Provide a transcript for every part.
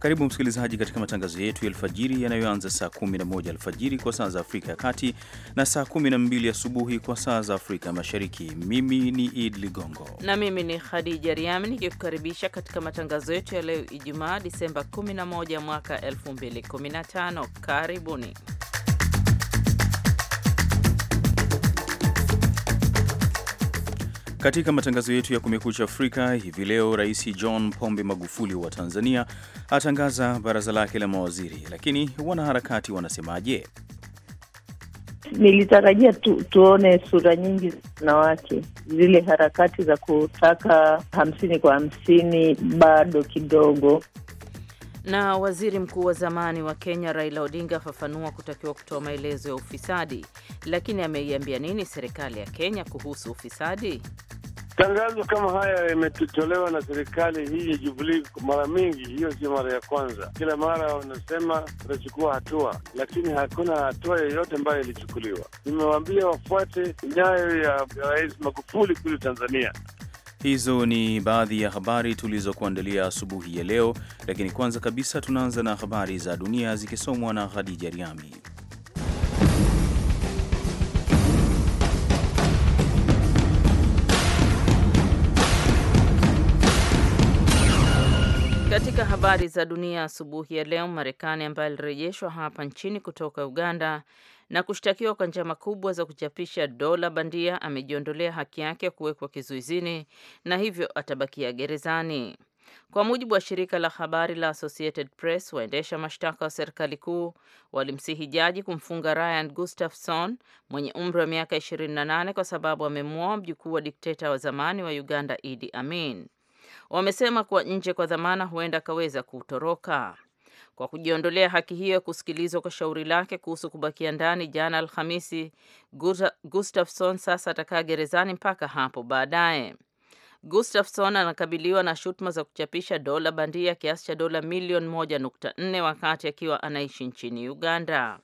Karibu msikilizaji katika matangazo yetu ya alfajiri yanayoanza saa 11 alfajiri kwa saa za Afrika ya Kati na saa 12 asubuhi kwa saa za Afrika Mashariki. Mimi ni Id Ligongo na mimi ni Khadija Riami nikikukaribisha katika matangazo yetu ya leo Ijumaa, Disemba 11 mwaka 2015. Karibuni. Katika matangazo yetu ya Kumekucha Afrika hivi leo, Rais John Pombe Magufuli wa Tanzania atangaza baraza lake la mawaziri, lakini wanaharakati wanasemaje? Nilitarajia tu, tuone sura nyingi za wanawake. Zile harakati za kutaka hamsini kwa hamsini bado kidogo. Na waziri mkuu wa zamani wa Kenya Raila Odinga afafanua kutakiwa kutoa maelezo ya ufisadi, lakini ameiambia nini serikali ya Kenya kuhusu ufisadi? Tangazo kama haya yametolewa na serikali hii ya Jubilee mara mingi, hiyo sio mara ya kwanza. Kila mara wanasema watachukua hatua, lakini hakuna hatua yoyote ambayo ilichukuliwa. Nimewaambia wafuate nyayo ya Rais Magufuli kule Tanzania. Hizo ni baadhi ya habari tulizokuandalia asubuhi ya leo, lakini kwanza kabisa tunaanza na habari za dunia zikisomwa na Khadija Riami. Katika habari za dunia asubuhi ya leo, Marekani ambaye alirejeshwa hapa nchini kutoka Uganda na kushtakiwa kwa njama kubwa za kuchapisha dola bandia, amejiondolea haki yake ya kuwekwa kizuizini na hivyo atabakia gerezani. Kwa mujibu wa shirika la habari la Associated Press, waendesha mashtaka wa serikali kuu walimsihi jaji kumfunga Ryan Gustafson mwenye umri wa miaka 28 kwa sababu amemwoa mjukuu wa dikteta wa zamani wa Uganda Idi Amin. Wamesema kuwa nje kwa dhamana huenda akaweza kutoroka kwa kujiondolea haki hiyo ya kusikilizwa kwa shauri lake kuhusu kubakia ndani jana Alhamisi. Gustafson sasa atakaa gerezani mpaka hapo baadaye. Gustafson anakabiliwa na shutuma za kuchapisha dola bandia kiasi cha dola milioni 1.4 wakati akiwa anaishi nchini Uganda.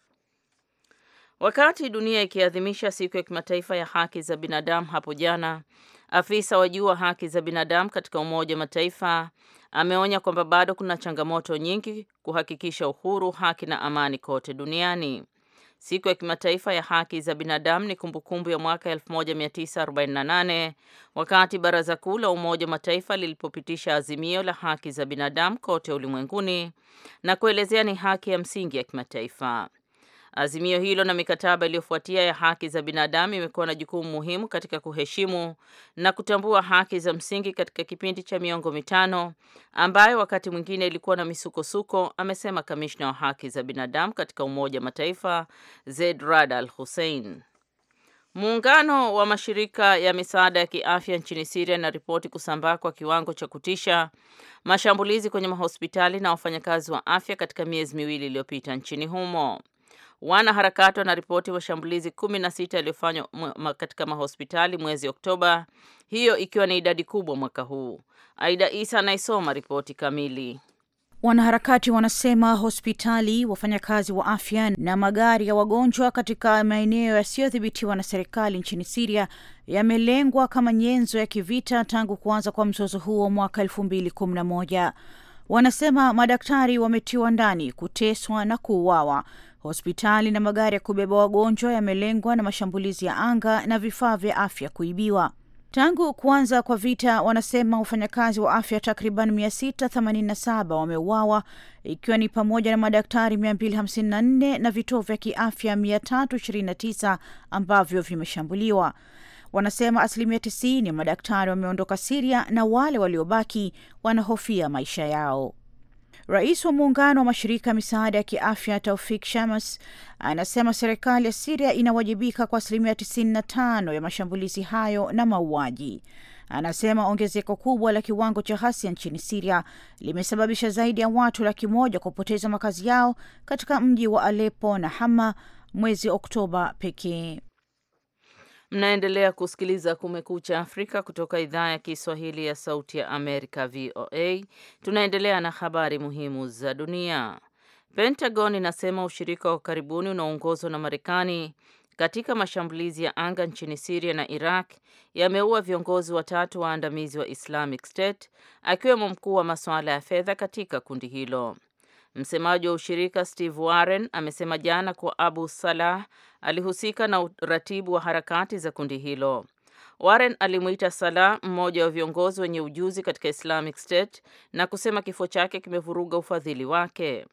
Wakati dunia ikiadhimisha siku ya kimataifa ya haki za binadamu hapo jana, afisa wa juu wa haki za binadamu katika Umoja wa Mataifa Ameonya kwamba bado kuna changamoto nyingi kuhakikisha uhuru, haki na amani kote duniani. Siku ya kimataifa ya haki za binadamu ni kumbukumbu ya mwaka 1948 wakati Baraza Kuu la Umoja wa Mataifa lilipopitisha azimio la haki za binadamu kote ulimwenguni na kuelezea ni haki ya msingi ya kimataifa. Azimio hilo na mikataba iliyofuatia ya haki za binadamu imekuwa na jukumu muhimu katika kuheshimu na kutambua haki za msingi katika kipindi cha miongo mitano ambayo wakati mwingine ilikuwa na misukosuko, amesema kamishna wa haki za binadamu katika Umoja Mataifa Zeid Rad Al Hussein. Muungano wa mashirika ya misaada ya kiafya nchini Syria inaripoti kusambaa kwa kiwango cha kutisha mashambulizi kwenye mahospitali na wafanyakazi wa afya katika miezi miwili iliyopita nchini humo. Wanaharakati wanaripoti mashambulizi kumi na sita yaliyofanywa katika mahospitali mwezi Oktoba, hiyo ikiwa ni idadi kubwa mwaka huu. Aida Isa anaisoma ripoti kamili. Wanaharakati wanasema hospitali, wafanyakazi wa afya na magari ya wagonjwa katika maeneo yasiyodhibitiwa na serikali nchini Siria yamelengwa kama nyenzo ya kivita tangu kuanza kwa mzozo huo mwaka elfu mbili kumi na moja. Wanasema madaktari wametiwa ndani, kuteswa na kuuawa hospitali na magari ya kubeba wagonjwa yamelengwa na mashambulizi ya anga na vifaa vya afya kuibiwa. Tangu kuanza kwa vita, wanasema wafanyakazi wa afya takriban 687 wameuawa, ikiwa ni pamoja na madaktari 254 na vituo vya kiafya 329 ambavyo vimeshambuliwa. Wanasema asilimia 90 madaktari wameondoka Siria na wale waliobaki wanahofia maisha yao. Rais wa muungano wa mashirika ya misaada ya kiafya Taufik Shamas anasema serikali ya Siria inawajibika kwa asilimia 95 ya mashambulizi hayo na mauaji. Anasema ongezeko kubwa la kiwango cha ghasia nchini Siria limesababisha zaidi ya watu laki moja kupoteza makazi yao katika mji wa Alepo na Hama mwezi Oktoba pekee. Mnaendelea kusikiliza Kumekucha Afrika kutoka idhaa ya Kiswahili ya Sauti ya Amerika, VOA. Tunaendelea na habari muhimu za dunia. Pentagon inasema ushirika wa karibuni unaoongozwa na Marekani katika mashambulizi ya anga nchini Siria na Iraq yameua viongozi watatu waandamizi wa Islamic State akiwemo mkuu wa masuala ya fedha katika kundi hilo. Msemaji wa ushirika Steve Warren amesema jana kuwa Abu Salah alihusika na uratibu wa harakati za kundi hilo. Warren alimuita Salah mmoja wa viongozi wenye ujuzi katika Islamic State na kusema kifo chake kimevuruga ufadhili wake.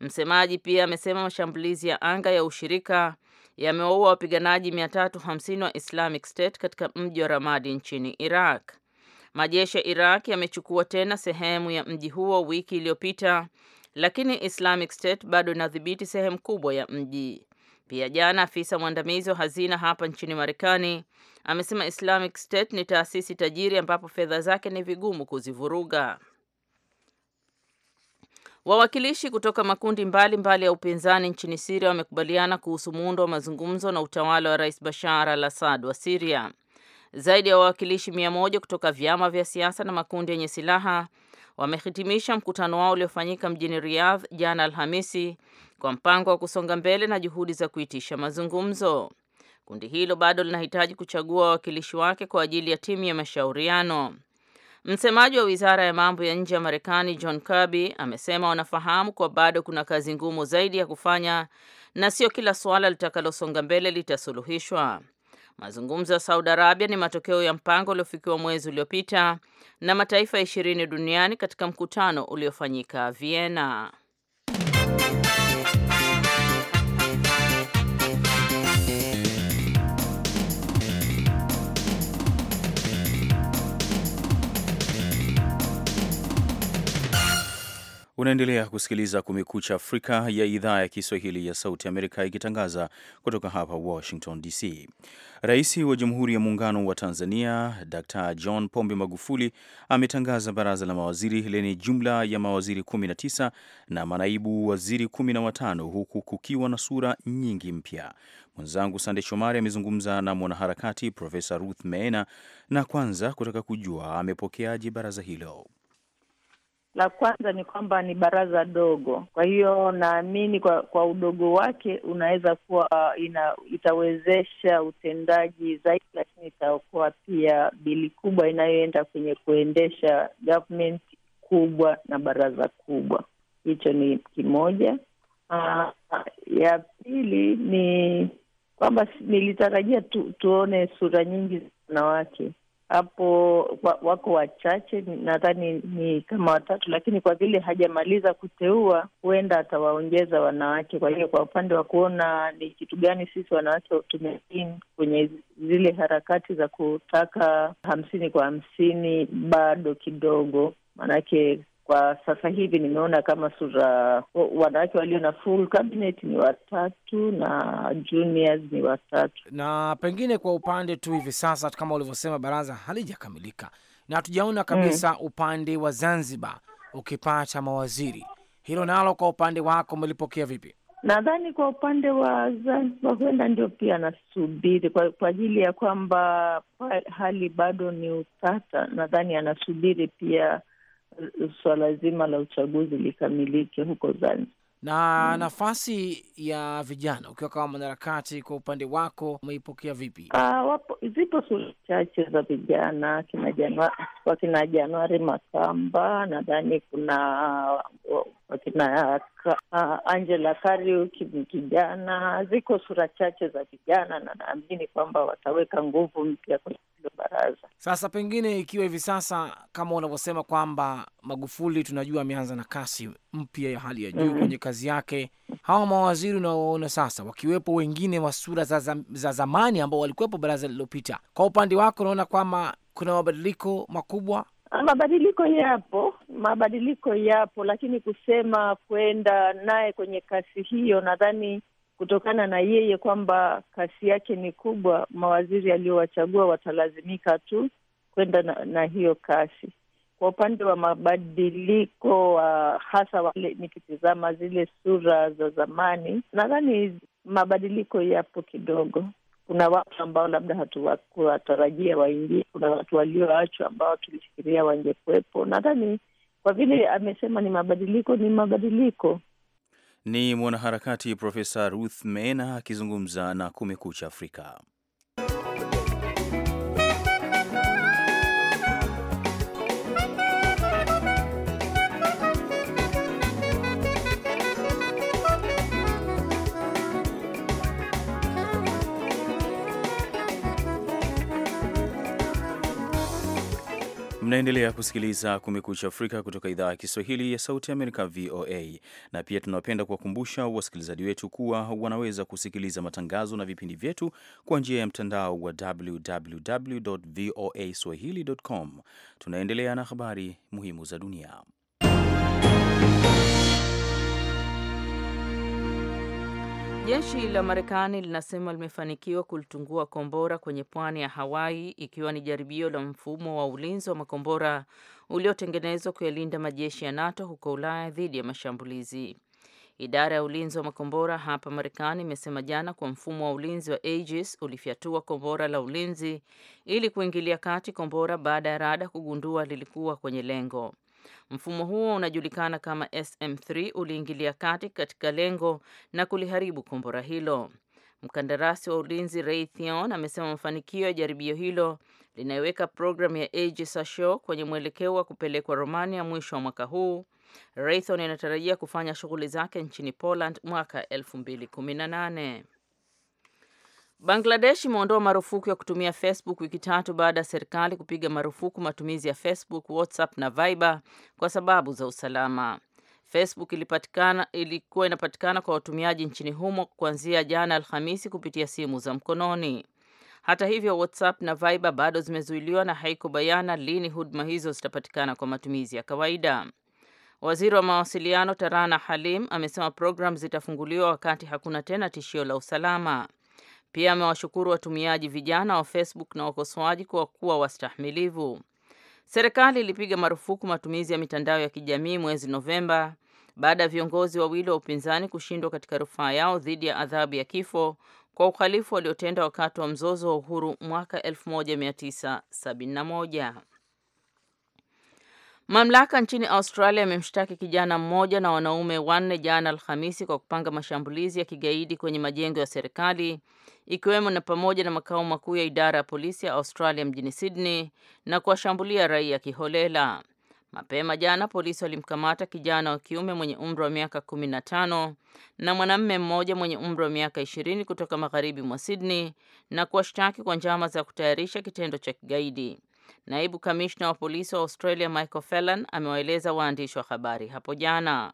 Msemaji pia amesema mashambulizi ya anga ya ushirika yamewaua wapiganaji 350 wa Islamic State katika mji wa Ramadi nchini Iraq. Majeshi ya Iraq yamechukua tena sehemu ya mji huo wiki iliyopita lakini Islamic State bado inadhibiti sehemu kubwa ya mji. Pia jana, afisa mwandamizi wa hazina hapa nchini Marekani amesema Islamic State ni taasisi tajiri ambapo fedha zake ni vigumu kuzivuruga. Wawakilishi kutoka makundi mbalimbali mbali ya upinzani nchini Siria wamekubaliana kuhusu muundo wa mazungumzo na utawala wa Rais Bashar al-Assad wa Siria. Zaidi ya wawakilishi mia moja kutoka vyama vya siasa na makundi yenye silaha wamehitimisha mkutano wao uliofanyika mjini Riyadh jana Alhamisi kwa mpango wa kusonga mbele na juhudi za kuitisha mazungumzo. Kundi hilo bado linahitaji kuchagua wawakilishi wake kwa ajili ya timu ya mashauriano. Msemaji wa Wizara ya Mambo ya Nje ya Marekani John Kirby amesema wanafahamu kuwa bado kuna kazi ngumu zaidi ya kufanya na sio kila suala litakalosonga mbele litasuluhishwa. Mazungumzo ya Saudi Arabia ni matokeo ya mpango uliofikiwa mwezi uliopita na mataifa ishirini duniani katika mkutano uliofanyika Vienna. Unaendelea kusikiliza Kumekucha Afrika ya idhaa ya Kiswahili ya Sauti Amerika ikitangaza kutoka hapa Washington DC. Rais wa Jamhuri ya Muungano wa Tanzania Dr. John Pombe Magufuli ametangaza baraza la mawaziri lenye jumla ya mawaziri 19 na manaibu waziri 15 huku kukiwa na sura nyingi mpya. Mwenzangu Sande Shomari amezungumza na mwanaharakati Profesa Ruth Meena na kwanza kutaka kujua amepokeaje baraza hilo. La kwanza ni kwamba ni baraza dogo, kwa hiyo naamini kwa, kwa udogo wake unaweza kuwa ina, itawezesha utendaji zaidi, lakini itaokoa pia bili kubwa inayoenda kwenye kuendesha government kubwa na baraza kubwa. Hicho ni kimoja. Aa, ah, ya pili ni kwamba nilitarajia tu, tuone sura nyingi za wanawake hapo wako wachache, nadhani ni kama watatu, lakini kwa vile hajamaliza kuteua, huenda atawaongeza wanawake. Kwa hiyo kwa upande wa kuona ni kitu gani sisi wanawake tumein kwenye zile harakati za kutaka hamsini kwa hamsini, bado kidogo, maanake kwa sasa hivi nimeona kama sura wanawake walio na full cabinet ni watatu na juniors ni watatu, na pengine kwa upande tu hivi sasa kama ulivyosema, baraza halijakamilika na hatujaona kabisa mm, upande wa Zanzibar ukipata mawaziri. Hilo nalo kwa upande wako umelipokea vipi? Nadhani kwa upande wa Zanzibar huenda ndio pia anasubiri kwa ajili ya kwamba hali bado ni utata. Nadhani anasubiri pia suala zima la uchaguzi likamilike huko Zanzibar na hmm, nafasi ya vijana ukiwa kama mwanaharakati kwa upande wako umeipokea vipi? Ah, wapo, zipo sura chache za vijana kina Januari, kwa kina Januari Makamba nadhani kuna wakina uh, Angela Kariuki ni kijana. Ziko sura chache za vijana, na naamini kwamba wataweka nguvu mpya kwenye hilo baraza. Sasa pengine, ikiwa hivi sasa kama unavyosema kwamba Magufuli tunajua ameanza na kasi mpya ya hali ya juu mm -hmm. kwenye kazi yake, hawa mawaziri unaoona sasa wakiwepo wengine wa sura za, za, za zamani ambao walikuwepo baraza lililopita, kwa upande wako unaona kwamba kuna mabadiliko makubwa Mabadiliko yapo, mabadiliko yapo, lakini kusema kwenda naye kwenye kasi hiyo, nadhani kutokana na yeye kwamba kasi yake ni kubwa, mawaziri aliyowachagua watalazimika tu kwenda na, na hiyo kasi. Kwa upande wa mabadiliko uh, hasa wale, nikitizama zile sura za zamani, nadhani mabadiliko yapo kidogo kuna watu ambao labda hatuwatarajia waingie, kuna watu walioachwa ambao tulifikiria wangekuwepo. Nadhani kwa vile amesema ni mabadiliko, ni mabadiliko. Ni mwanaharakati Profesa Ruth mena akizungumza na Kumekucha Afrika. Mnaendelea kusikiliza Kumekucha Afrika kutoka idhaa ya Kiswahili ya Sauti Amerika, VOA. Na pia tunapenda kuwakumbusha wasikilizaji wetu kuwa wanaweza kusikiliza matangazo na vipindi vyetu kwa njia ya mtandao wa www voa swahili com. Tunaendelea na habari muhimu za dunia. Jeshi la Marekani linasema limefanikiwa kulitungua kombora kwenye pwani ya Hawaii ikiwa ni jaribio la mfumo wa ulinzi wa makombora uliotengenezwa kuyalinda majeshi ya NATO huko Ulaya dhidi ya mashambulizi. Idara ya ulinzi wa makombora hapa Marekani imesema jana kwa mfumo wa ulinzi wa Aegis ulifyatua kombora la ulinzi ili kuingilia kati kombora baada ya rada kugundua lilikuwa kwenye lengo. Mfumo huo unajulikana kama SM3 uliingilia kati katika lengo na kuliharibu kombora hilo. Mkandarasi wa ulinzi Raytheon amesema mafanikio ya jaribio hilo linaiweka programu ya Aegis Ashore kwenye mwelekeo wa kupelekwa Romania mwisho wa mwaka huu. Raytheon inatarajia kufanya shughuli zake nchini Poland mwaka 2018. Bangladesh imeondoa marufuku ya kutumia Facebook wiki tatu baada ya serikali kupiga marufuku matumizi ya Facebook, WhatsApp na Viber kwa sababu za usalama. Facebook ilipatikana, ilikuwa inapatikana kwa watumiaji nchini humo kuanzia jana Alhamisi kupitia simu za mkononi. Hata hivyo, WhatsApp na Viber bado zimezuiliwa na haiko bayana lini huduma hizo zitapatikana kwa matumizi ya kawaida. Waziri wa mawasiliano Tarana Halim amesema programu zitafunguliwa wakati hakuna tena tishio la usalama. Pia amewashukuru watumiaji vijana wa Facebook na wakosoaji kwa kuwa wastahimilivu. Serikali ilipiga marufuku matumizi ya mitandao ya kijamii mwezi Novemba baada ya viongozi wawili wa upinzani kushindwa katika rufaa yao dhidi ya adhabu ya kifo kwa uhalifu waliotenda wakati wa mzozo wa uhuru mwaka 1971. Mamlaka nchini Australia imemshtaki kijana mmoja na wanaume wanne jana Alhamisi kwa kupanga mashambulizi ya kigaidi kwenye majengo ya serikali ikiwemo na pamoja na makao makuu ya idara ya polisi ya Australia mjini Sydney na kuwashambulia raia kiholela. Mapema jana polisi walimkamata kijana wa kiume mwenye umri wa miaka 15 na tano na mwanamume mmoja mwenye umri wa miaka 20 kutoka magharibi mwa Sydney na kuwashtaki kwa njama za kutayarisha kitendo cha kigaidi. Naibu kamishna wa polisi wa Australia Michael felan amewaeleza waandishi wa habari hapo jana.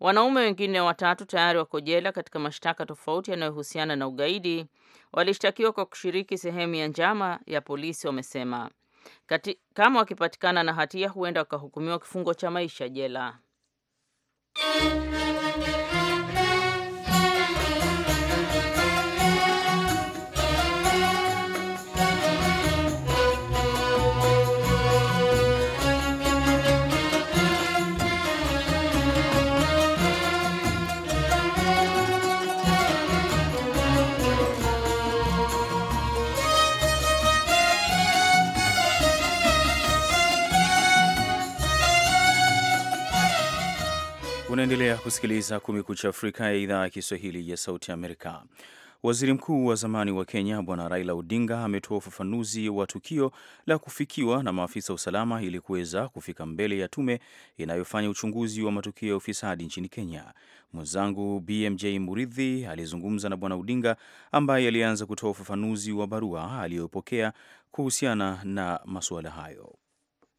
Wanaume wengine watatu tayari wako jela katika mashtaka tofauti yanayohusiana na ugaidi. Walishtakiwa kwa kushiriki sehemu ya njama ya polisi, wamesema. Kati, kama wakipatikana na hatia huenda wakahukumiwa kifungo cha maisha jela. Unaendelea kusikiliza Kumekucha Afrika ya idhaa ya Kiswahili ya Sauti Amerika. Waziri mkuu wa zamani wa Kenya Bwana Raila Odinga ametoa ufafanuzi wa tukio la kufikiwa na maafisa usalama ili kuweza kufika mbele ya tume inayofanya uchunguzi wa matukio ya ufisadi nchini Kenya. Mwenzangu BMJ Muridhi alizungumza na Bwana Odinga ambaye alianza kutoa ufafanuzi wa barua aliyopokea kuhusiana na masuala hayo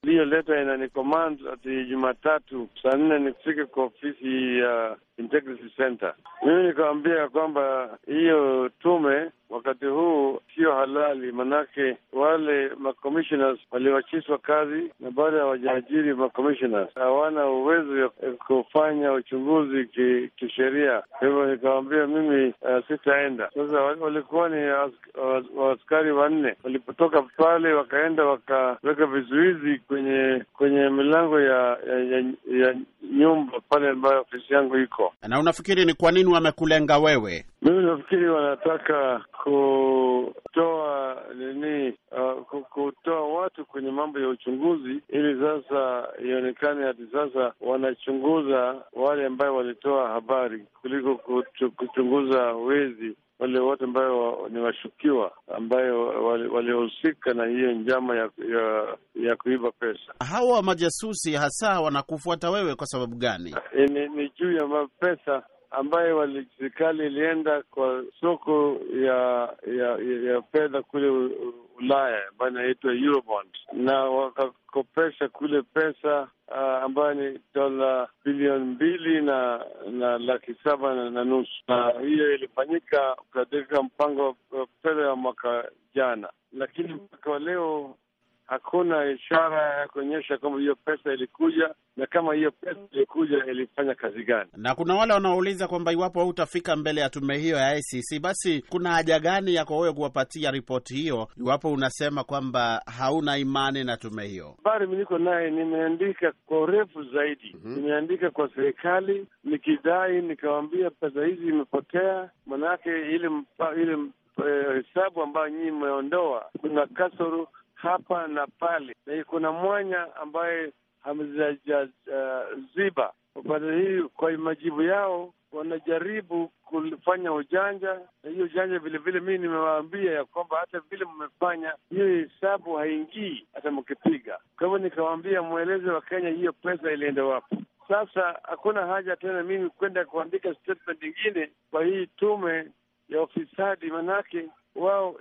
iliyoletwa ina ni command ati Jumatatu saa nne nifike kwa ofisi ya Integrity Center. Mimi nikawambia kwamba hiyo tume wakati huu sio halali, manake wale makommissioners waliwachishwa kazi na bado hawajaajiri makommissioners, hawana uwezo ya kufanya uchunguzi kisheria. Kwa hivyo nikawambia mimi uh, sitaenda. Sasa walikuwa ni waaskari wanne, walipotoka pale wakaenda wakaweka vizuizi kwenye kwenye milango ya, ya, ya, ya nyumba pale ambayo ofisi yangu iko. Na unafikiri ni kwa nini wamekulenga wewe? Mimi nafikiri wanataka kutoa nini, uh, kutoa watu kwenye mambo ya uchunguzi, ili sasa ionekane hati sasa wanachunguza wale ambayo walitoa habari kuliko kutu, kuchunguza wezi wale wote ambayo ni washukiwa ambayo wali na hiyo njama ya, ya, ya kuiba pesa. Hawa majasusi hasa wanakufuata wewe kwa sababu gani? Eh, ni, ni juu ya pesa ambaye serikali ilienda kwa soko ya ya, ya fedha kule Ulaya ambayo inaitwa Eurobond na wakakopesha kule pesa uh, ambayo ni dola bilioni mbili na na laki saba na, na nusu na hiyo ilifanyika katika mpango wa fedha ya mwaka jana, lakini mpaka wa leo hakuna ishara ya kuonyesha kwamba hiyo pesa ilikuja, na kama hiyo pesa ilikuja ilifanya kazi gani. Na kuna wale wanaouliza kwamba iwapo hautafika mbele ya tume hiyo ya ICC, basi kuna haja gani yako wewe kuwapatia ripoti hiyo iwapo unasema kwamba hauna imani na tume hiyo? Habari niko naye, nimeandika kwa urefu zaidi mm -hmm. Nimeandika kwa serikali nikidai, nikawambia pesa hizi imepotea, manake ile ile eh, hesabu ambayo nyinyi mmeondoa kuna kasoro hapa na pale, na kuna mwanya ambaye hamezajaziba Uh, upande hii kwa majibu yao wanajaribu kufanya ujanja, na hiyo ujanja vilevile, mii nimewaambia ya kwamba hata vile mmefanya hiyo hesabu haingii hata mkipiga. Kwa hivyo nikawaambia mweleze wa Kenya hiyo pesa ilienda wapo. Sasa hakuna haja tena mimi kwenda kuandika statement ingine kwa hii tume ya ufisadi, manake Well,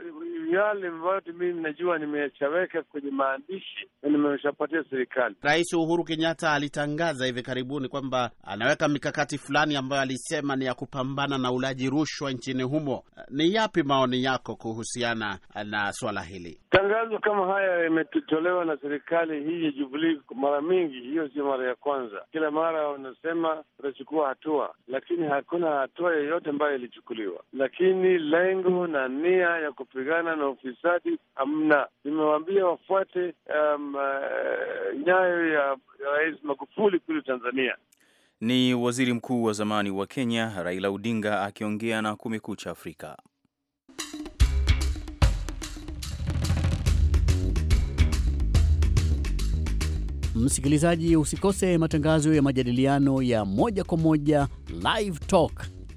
yale ambayo mimi najua nimeshaweka kwenye maandishi na nimeshapatia serikali. Rais Uhuru Kenyatta alitangaza hivi karibuni kwamba anaweka mikakati fulani ambayo alisema ni ya kupambana na ulaji rushwa nchini humo. Ni yapi maoni yako kuhusiana na swala hili? Tangazo kama haya yametolewa na serikali hii ya Jubilee mara mingi, hiyo sio mara ya kwanza. Kila mara wanasema tutachukua hatua, lakini hakuna hatua yoyote ambayo ilichukuliwa. Lakini lengo na ni nia ya kupigana na ufisadi hamna. Nimewaambia wafuate um, uh, nyayo ya Rais Magufuli kule Tanzania. Ni waziri mkuu wa zamani wa Kenya Raila Odinga akiongea na Kumekucha Afrika. Msikilizaji, usikose matangazo ya majadiliano ya moja kwa moja Live Talk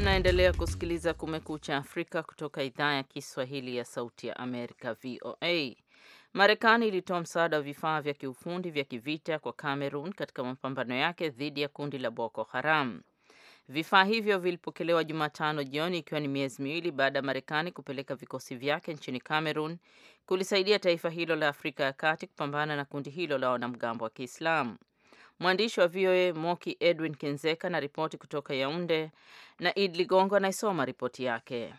Mnaendelea kusikiliza Kumekucha Afrika kutoka idhaa ya Kiswahili ya Sauti ya Amerika, VOA. Marekani ilitoa msaada wa vifaa vya kiufundi vya kivita kwa Cameroon katika mapambano yake dhidi ya kundi la Boko Haram. Vifaa hivyo vilipokelewa Jumatano jioni ikiwa ni miezi miwili baada ya Marekani kupeleka vikosi vyake nchini Cameroon kulisaidia taifa hilo la Afrika ya Kati kupambana na kundi hilo la wanamgambo wa Kiislamu. Mwandishi wa VOA Moki Edwin Kinzeka na ripoti kutoka Yaunde na Id Ligongo anaisoma ripoti yake.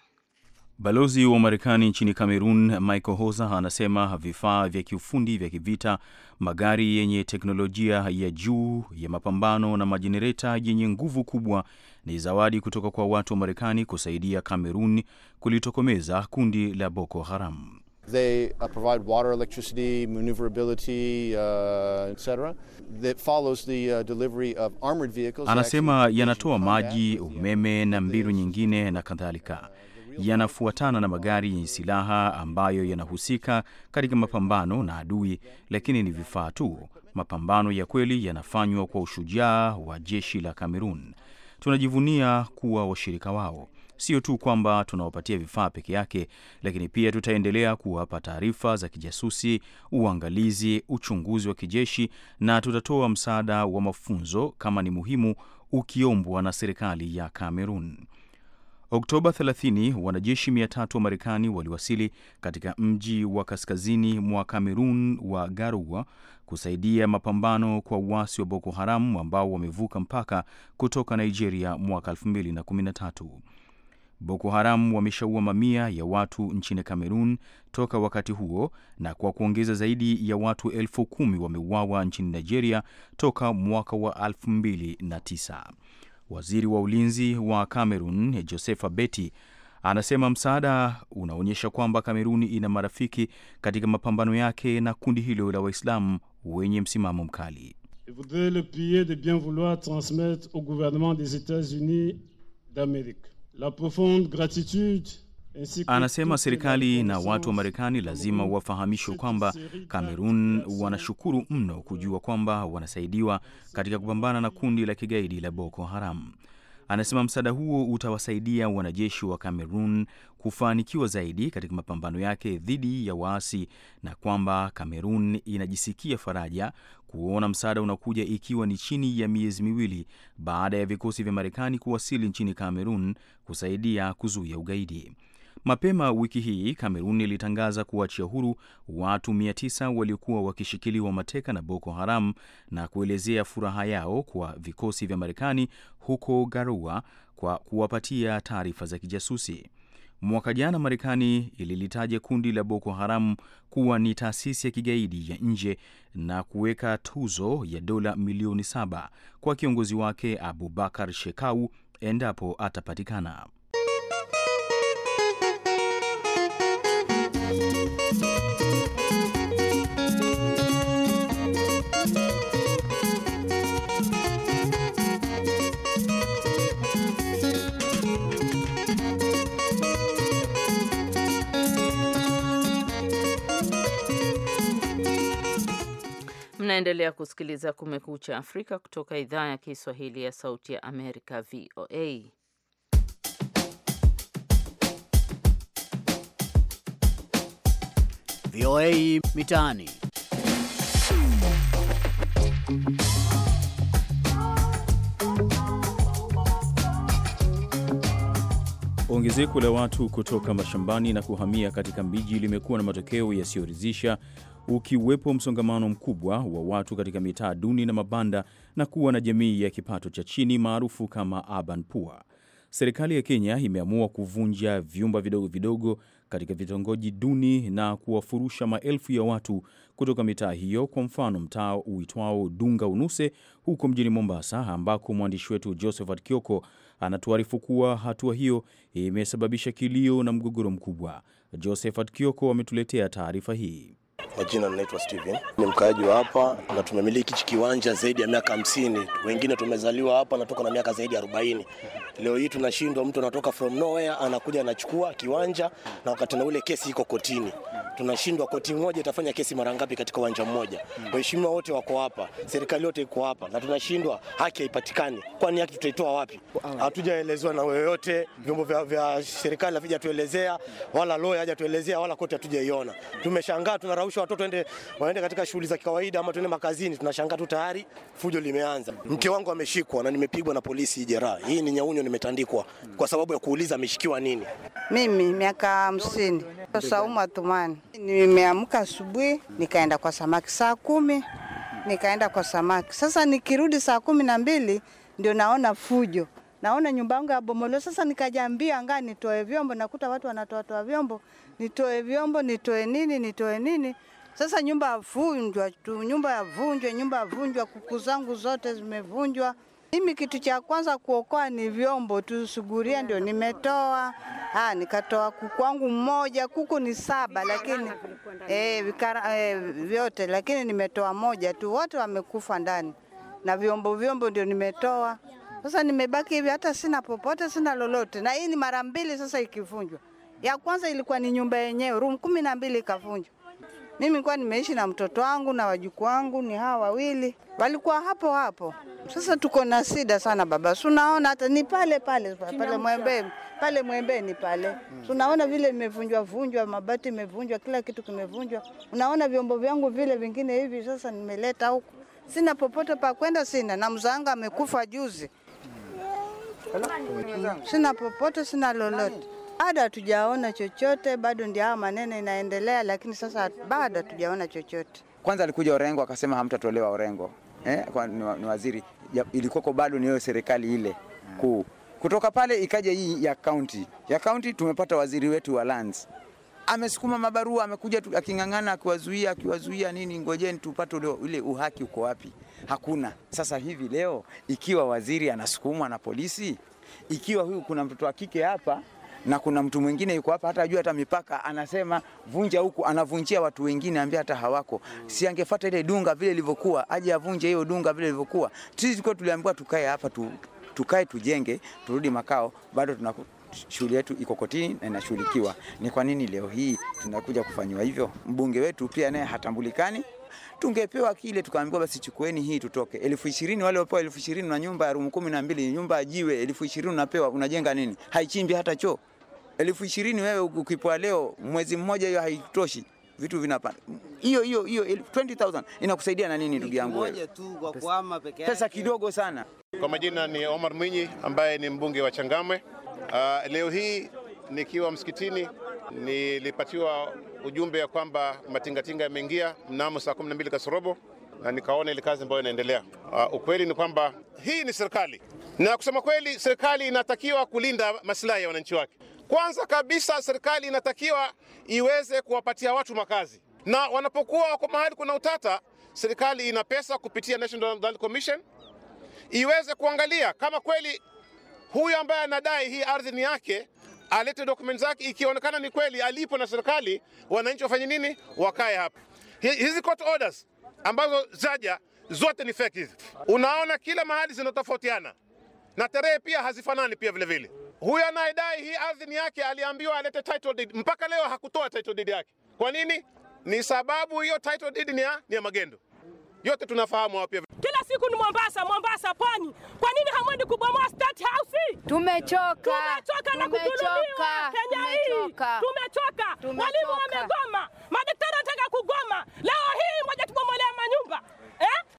Balozi wa Marekani nchini Kamerun Michael Hosa anasema vifaa vya kiufundi vya kivita, magari yenye teknolojia ya juu ya mapambano na majenereta yenye nguvu kubwa ni zawadi kutoka kwa watu wa Marekani kusaidia Kamerun kulitokomeza kundi la Boko Haram. They uh, provide water, electricity, maneuverability, uh, etc. That follows the uh, delivery of armored vehicles. Anasema yanatoa maji, umeme na mbinu nyingine na kadhalika. Yanafuatana na magari yenye silaha ambayo yanahusika katika mapambano na adui, lakini ni vifaa tu. Mapambano ya kweli yanafanywa kwa ushujaa wa jeshi la Kamerun. Tunajivunia kuwa washirika wao. Sio tu kwamba tunawapatia vifaa peke yake, lakini pia tutaendelea kuwapa taarifa za kijasusi, uangalizi, uchunguzi wa kijeshi na tutatoa msaada wa mafunzo kama ni muhimu, ukiombwa na serikali ya Kamerun. Oktoba 30 wanajeshi 300 wa Marekani waliwasili katika mji wa kaskazini mwa Kamerun wa Garoua kusaidia mapambano kwa uasi wa Boko Haram ambao wamevuka mpaka kutoka Nigeria mwaka 2013. Boko Haram wameshaua mamia ya watu nchini Kamerun toka wakati huo na kwa kuongeza zaidi ya watu elfu kumi wameuawa nchini Nigeria toka mwaka wa 2009. Waziri wa ulinzi wa Kamerun Josepha Beti anasema msaada unaonyesha kwamba Kamerun ina marafiki katika mapambano yake na kundi hilo la Waislamu wenye msimamo mkali. Je voudrais le prier de bien vouloir transmettre au gouvernement des états unis d'Amérique. Anasema serikali na watu wa Marekani lazima wafahamishwe kwamba Kamerun wanashukuru mno kujua kwamba wanasaidiwa katika kupambana na kundi la kigaidi la Boko Haram. Anasema msaada huo utawasaidia wanajeshi wa Kamerun kufanikiwa zaidi katika mapambano yake dhidi ya waasi na kwamba Kamerun inajisikia faraja kuona msaada unakuja, ikiwa ni chini ya miezi miwili baada ya vikosi vya Marekani kuwasili nchini Kamerun kusaidia kuzuia ugaidi. Mapema wiki hii Kamerun ilitangaza kuachia huru watu 900 waliokuwa wakishikiliwa mateka na Boko Haram na kuelezea furaha yao kwa vikosi vya Marekani huko Garoua kwa kuwapatia taarifa za kijasusi. Mwaka jana Marekani ililitaja kundi la Boko Haram kuwa ni taasisi ya kigaidi ya nje na kuweka tuzo ya dola milioni saba kwa kiongozi wake Abubakar Shekau endapo atapatikana. Unaendelea kusikiliza Kumekucha Afrika kutoka idhaa ya Kiswahili ya Sauti ya Amerika, VOA. VOA Mitaani. Ongezeko la watu kutoka mashambani na kuhamia katika miji limekuwa na matokeo yasiyoridhisha ukiwepo msongamano mkubwa wa watu katika mitaa duni na mabanda na kuwa na jamii ya kipato cha chini maarufu kama urban poor. Serikali ya Kenya imeamua kuvunja vyumba vidogo vidogo katika vitongoji duni na kuwafurusha maelfu ya watu kutoka mitaa hiyo. Kwa mfano, mtaa uitwao Dunga Unuse huko mjini Mombasa, ambako mwandishi wetu Josephat Kioko anatuarifu kuwa hatua hiyo imesababisha kilio na mgogoro mkubwa. Josephat Kioko ametuletea taarifa hii. Kwa jina linaitwa Steven, ni mkaaji wa hapa na tumemiliki hichi kiwanja zaidi ya miaka hamsini. Wengine tumezaliwa hapa natoka na miaka zaidi ya arobaini. Leo hii tunashindwa, mtu anatoka from nowhere anakuja anachukua kiwanja, na wakati na ule kesi iko kotini tunashindwa koti moja itafanya kesi mara ngapi katika uwanja mmoja? Waheshimiwa hmm, wote wako hapa, serikali yote iko hapa, na tunashindwa, haki haipatikani. Kwani haki tutaitoa wapi? Hatujaelezewa na yoyote, vyombo vya, vya serikali havijatuelezea, wala loya hajatuelezea, wala koti hatujaiona. Tumeshangaa tunaraushwa watoto waende waende katika shughuli za kawaida ama tuende makazini, tunashangaa tu tayari fujo limeanza. Mke wangu ameshikwa na nimepigwa na polisi jeraha. Hii ni nyaunyo nimetandikwa kwa sababu ya kuuliza ameshikiwa nini. Mimi miaka hamsini. Saumu Athumani. Nimeamka asubuhi nikaenda kwa samaki saa kumi nikaenda kwa samaki. Sasa nikirudi saa kumi na mbili ndio naona fujo naona nyumba yangu yabomolewa. Sasa nikajaambia anga nitoe vyombo, nakuta watu wanatoatoa vyombo, nitoe vyombo, nitoe nini, nitoe nini. Sasa nyumba yavunjwa tu, nyumba yavunjwa, nyumba yavunjwa, kuku zangu zote zimevunjwa. Mimi kitu cha kwanza kuokoa ni vyombo tu, suguria ndio nimetoa. Ah, nikatoa kuku wangu mmoja, kuku ni saba lakini eh, vikara, eh, vyote lakini nimetoa moja tu, wote wamekufa ndani, na vyombo vyombo ndio nimetoa. Sasa nimebaki hivi, hata sina popote, sina lolote, na hii ni mara mbili sasa ikivunjwa. Ya kwanza ilikuwa ni nyumba yenyewe, room kumi na mbili ikavunjwa. Mimi nilikuwa nimeishi na mtoto wangu na wajukuu wangu, ni hawa wawili walikuwa hapo hapo. Sasa tuko na shida sana baba, sunaona hata ni pale pale pale mwembeni pale mwembeni pale, sunaona vile imevunjwa vunjwa, mabati imevunjwa, kila kitu kimevunjwa. Unaona vyombo vyangu vile vingine hivi, sasa nimeleta huku, sina popote pa kwenda, sina na mzanga amekufa juzi, sina popote, sina lolote. Bado hatujaona chochote, bado ndio haya maneno inaendelea, lakini sasa bado hatujaona chochote. Kwanza alikuja Orengo akasema hamtatolewa Orengo eh, kwa, ni, waziri ilikuwako bado ni serikali ile kuu. Kutoka pale ikaja hii ya kaunti. Ya kaunti tumepata waziri wetu wa lands amesukuma mabarua, amekuja aking'ang'ana, akiwazuia, akiwazuia nini, ngojeni tupate ule uhaki uko wapi? Hakuna. Sasa hivi leo, ikiwa waziri anasukumwa na polisi, ikiwa huyu kuna mtoto wa kike hapa na kuna mtu mwingine yuko hapa hata ajua hata mipaka, anasema vunja huku, anavunjia watu wengine ambia hata hawako. Si angefuata ile dunga vile ilivyokuwa, aje avunje hiyo dunga vile ilivyokuwa. Sisi tulikuwa tuliambiwa tukae hapa tu, tukae tujenge, turudi makao, bado tuna shughuli yetu iko kotini na inashughulikiwa. Ni kwa nini leo hii tunakuja kufanywa hivyo? Mbunge wetu pia naye hatambulikani tungepewa kile tukaambiwa basi chukueni hii tutoke. elfu ishirini wale wapewa elfu ishirini na nyumba ya rumu kumi na mbili nyumba ya jiwe elfu ishirini unapewa, unajenga nini? Haichimbi hata choo elfu ishirini wewe ukipoa leo, mwezi mmoja, hiyo haitoshi, vitu vinapanda. Hiyo hiyo hiyo 20000 inakusaidia na nini, ndugu yangu wewe? Pesa kidogo sana. Kwa majina ni Omar Mwinyi ambaye ni mbunge wa Changamwe. Uh, leo hii nikiwa msikitini nilipatiwa ujumbe ya kwamba matingatinga yameingia mnamo saa 12 kasorobo na nikaona ile kazi ambayo inaendelea. Uh, ukweli ni kwamba hii ni serikali na kusema kweli serikali inatakiwa kulinda maslahi ya wananchi wake. Kwanza kabisa serikali inatakiwa iweze kuwapatia watu makazi, na wanapokuwa wako mahali kuna utata, serikali ina pesa kupitia National Land Commission iweze kuangalia kama kweli huyu ambaye anadai hii ardhi ni yake, alete dokumenti zake. Ikionekana ni kweli alipo na serikali, wananchi wafanye nini? Wakae hapa. Hizi court orders ambazo zaja zote ni fake hizi, unaona kila mahali zinatofautiana na tarehe pia hazifanani pia vilevile vile huyo anayedai hii ardhi ni yake, aliambiwa alete title deed, mpaka leo hakutoa title deed yake. Kwa nini? Ni sababu hiyo title deed ni ya, ni ya magendo. Yote tunafahamu hapa pia. Kila siku ni Mombasa, Mombasa pwani. Kwa nini hamwendi kubomoa State House? Tumechoka. Tumechoka na kudhulumiwa. Kenya hii. Tumechoka. Tumechoka. Walimu wamegoma. Madaktari wanataka kugoma. Leo hii moja tubomolea manyumba. Eh?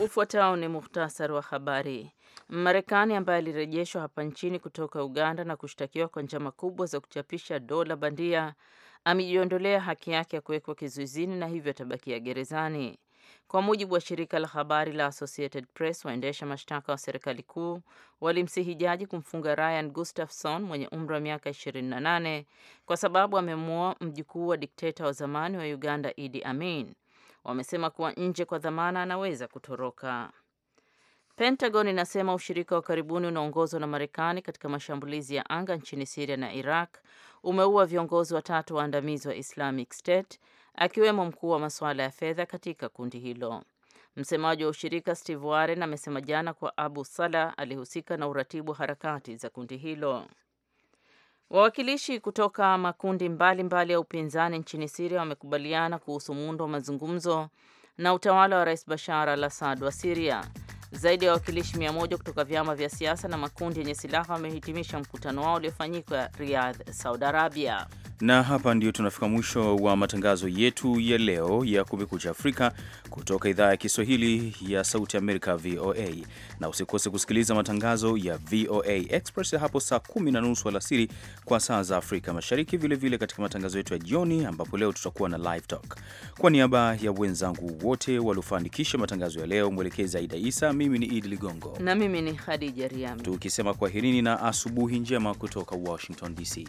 Ufuatao ni muhtasari wa habari. Marekani ambaye alirejeshwa hapa nchini kutoka Uganda na kushtakiwa kwa njama kubwa za kuchapisha dola bandia amejiondolea haki yake ya kuwekwa kizuizini na hivyo atabakia gerezani. Kwa mujibu wa shirika la habari la Associated Press, waendesha mashtaka wa serikali kuu walimsihi jaji kumfunga Ryan Gustafson mwenye umri wa miaka 28 kwa sababu amemua mjukuu wa dikteta wa zamani wa Uganda Idi Amin wamesema kuwa nje kwa dhamana anaweza kutoroka. Pentagon inasema ushirika wa karibuni unaongozwa na Marekani katika mashambulizi ya anga nchini Siria na Iraq umeua viongozi watatu waandamizi wa Islamic State akiwemo mkuu wa masuala ya fedha katika kundi hilo. Msemaji wa ushirika Steve Warren amesema jana kuwa Abu Salah alihusika na uratibu wa harakati za kundi hilo. Wawakilishi kutoka makundi mbalimbali mbali ya upinzani nchini Siria wamekubaliana kuhusu muundo wa mazungumzo na utawala wa Rais Bashar al Assad wa Siria. Zaidi ya wawakilishi mia moja kutoka vyama vya siasa na makundi yenye silaha wamehitimisha mkutano wao uliofanyika Riyadh, Saudi Arabia. Na hapa ndio tunafika mwisho wa matangazo yetu ya leo ya Kumekucha Afrika kutoka idhaa ya Kiswahili ya Sauti Amerika, VOA. Na usikose kusikiliza matangazo ya VOA Express hapo saa kumi na nusu alasiri kwa saa za Afrika Mashariki, vilevile vile katika matangazo yetu ya jioni, ambapo leo tutakuwa na live talk. Kwa niaba ya wenzangu wote waliofanikisha matangazo ya leo, mwelekezi Aida Isa, mimi ni Idi Ligongo na mimi ni Hadija Riami, tukisema kwaherini na asubuhi njema kutoka Washington DC.